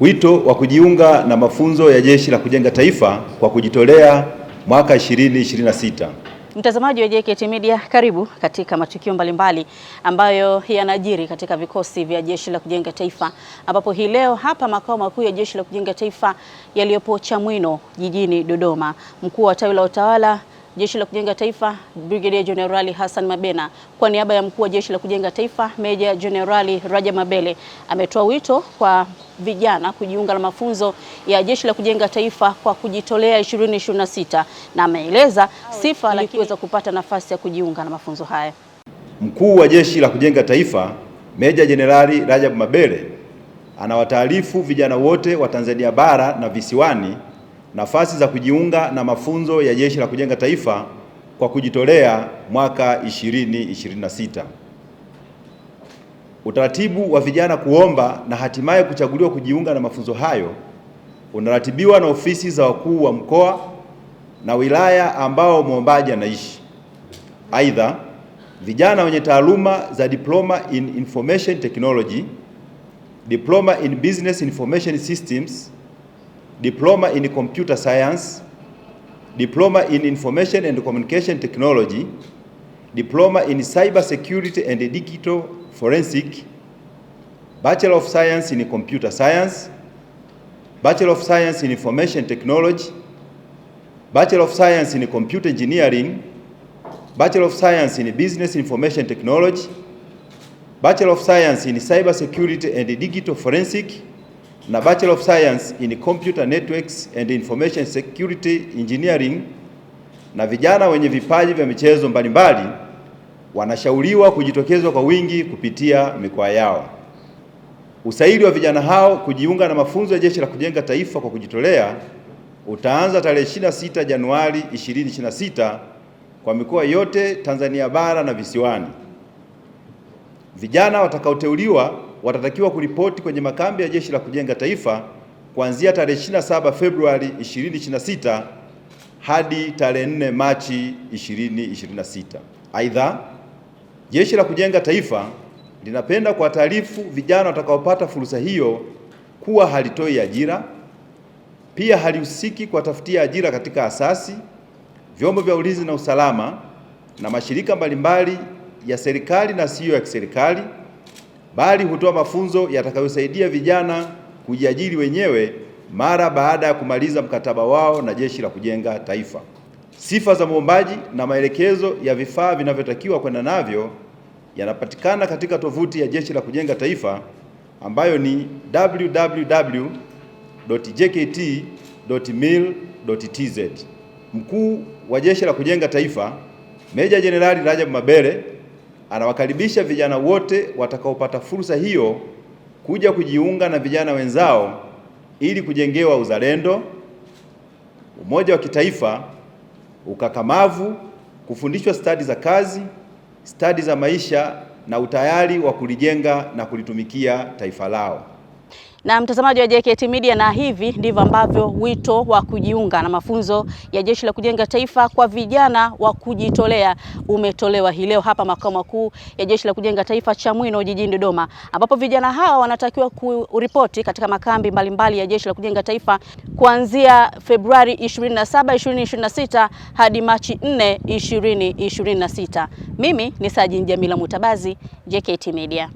wito wa kujiunga na mafunzo ya Jeshi la Kujenga Taifa kwa kujitolea mwaka 2026. Mtazamaji wa JKT Media, karibu katika matukio mbalimbali ambayo yanajiri katika vikosi vya Jeshi la Kujenga Taifa, ambapo hii leo hapa makao makuu ya Jeshi la Kujenga Taifa yaliyopo Chamwino jijini Dodoma, mkuu wa tawi la utawala Jeshi la Kujenga Taifa Brigedia Jenerali Hassan Mabena kwa niaba ya mkuu wa Jeshi la Kujenga Taifa Meja Jenerali Raja Mabele ametoa wito kwa vijana kujiunga na mafunzo ya Jeshi la Kujenga Taifa kwa kujitolea 2026 na ameeleza sifa ili kuweza kupata nafasi ya kujiunga na mafunzo haya. Mkuu wa Jeshi la Kujenga Taifa Meja Jenerali Rajab Mabele anawataarifu vijana wote wa Tanzania bara na visiwani nafasi za kujiunga na mafunzo ya Jeshi la Kujenga Taifa kwa kujitolea mwaka 2026. Utaratibu wa vijana kuomba na hatimaye kuchaguliwa kujiunga na mafunzo hayo unaratibiwa na ofisi za wakuu wa mkoa na wilaya ambao mwombaji anaishi. Aidha, vijana wenye taaluma za diploma in information technology, diploma in business information systems diploma in computer science, diploma in information and communication technology, diploma in cyber security and digital forensic, bachelor of science in computer science, bachelor of science in information technology, bachelor of science in computer engineering, bachelor of science in business information technology, bachelor of science in cyber security and digital forensic na Bachelor of Science in Computer Networks and Information Security Engineering, na vijana wenye vipaji vya michezo mbalimbali wanashauriwa kujitokeza kwa wingi kupitia mikoa yao. Usaili wa vijana hao kujiunga na mafunzo ya Jeshi la Kujenga Taifa kwa kujitolea utaanza tarehe 26 Januari 2026 kwa mikoa yote Tanzania bara na visiwani. Vijana watakaoteuliwa watatakiwa kuripoti kwenye makambi ya Jeshi la Kujenga Taifa kuanzia tarehe 27 Februari 2026 hadi tarehe 4 Machi 2026. Aidha, Jeshi la Kujenga Taifa linapenda kuwataarifu vijana watakaopata fursa hiyo kuwa halitoi ajira, pia halihusiki kuwatafutia ajira katika asasi, vyombo vya ulinzi na usalama na mashirika mbalimbali ya serikali na siyo ya kiserikali bali hutoa mafunzo yatakayosaidia vijana kujiajiri wenyewe mara baada ya kumaliza mkataba wao na Jeshi la Kujenga Taifa. Sifa za mwombaji na maelekezo ya vifaa vinavyotakiwa kwenda navyo yanapatikana katika tovuti ya Jeshi la Kujenga Taifa ambayo ni www.jkt.mil.tz. Mkuu wa Jeshi la Kujenga Taifa Meja Jenerali Rajab Mabere anawakaribisha vijana wote watakaopata fursa hiyo kuja kujiunga na vijana wenzao ili kujengewa uzalendo, umoja wa kitaifa, ukakamavu, kufundishwa stadi za kazi, stadi za maisha na utayari wa kulijenga na kulitumikia taifa lao. Na mtazamaji wa JKT Media, na hivi ndivyo ambavyo wito wa kujiunga na mafunzo ya Jeshi la Kujenga Taifa kwa vijana wa kujitolea umetolewa hii leo hapa makao makuu ya Jeshi la Kujenga Taifa Chamwino jijini Dodoma, ambapo vijana hawa wanatakiwa kuripoti katika makambi mbalimbali mbali ya Jeshi la Kujenga Taifa kuanzia Februari 27, 2026 hadi Machi 4, 2026. Mimi ni sajin Jamila Mutabazi, JKT Media.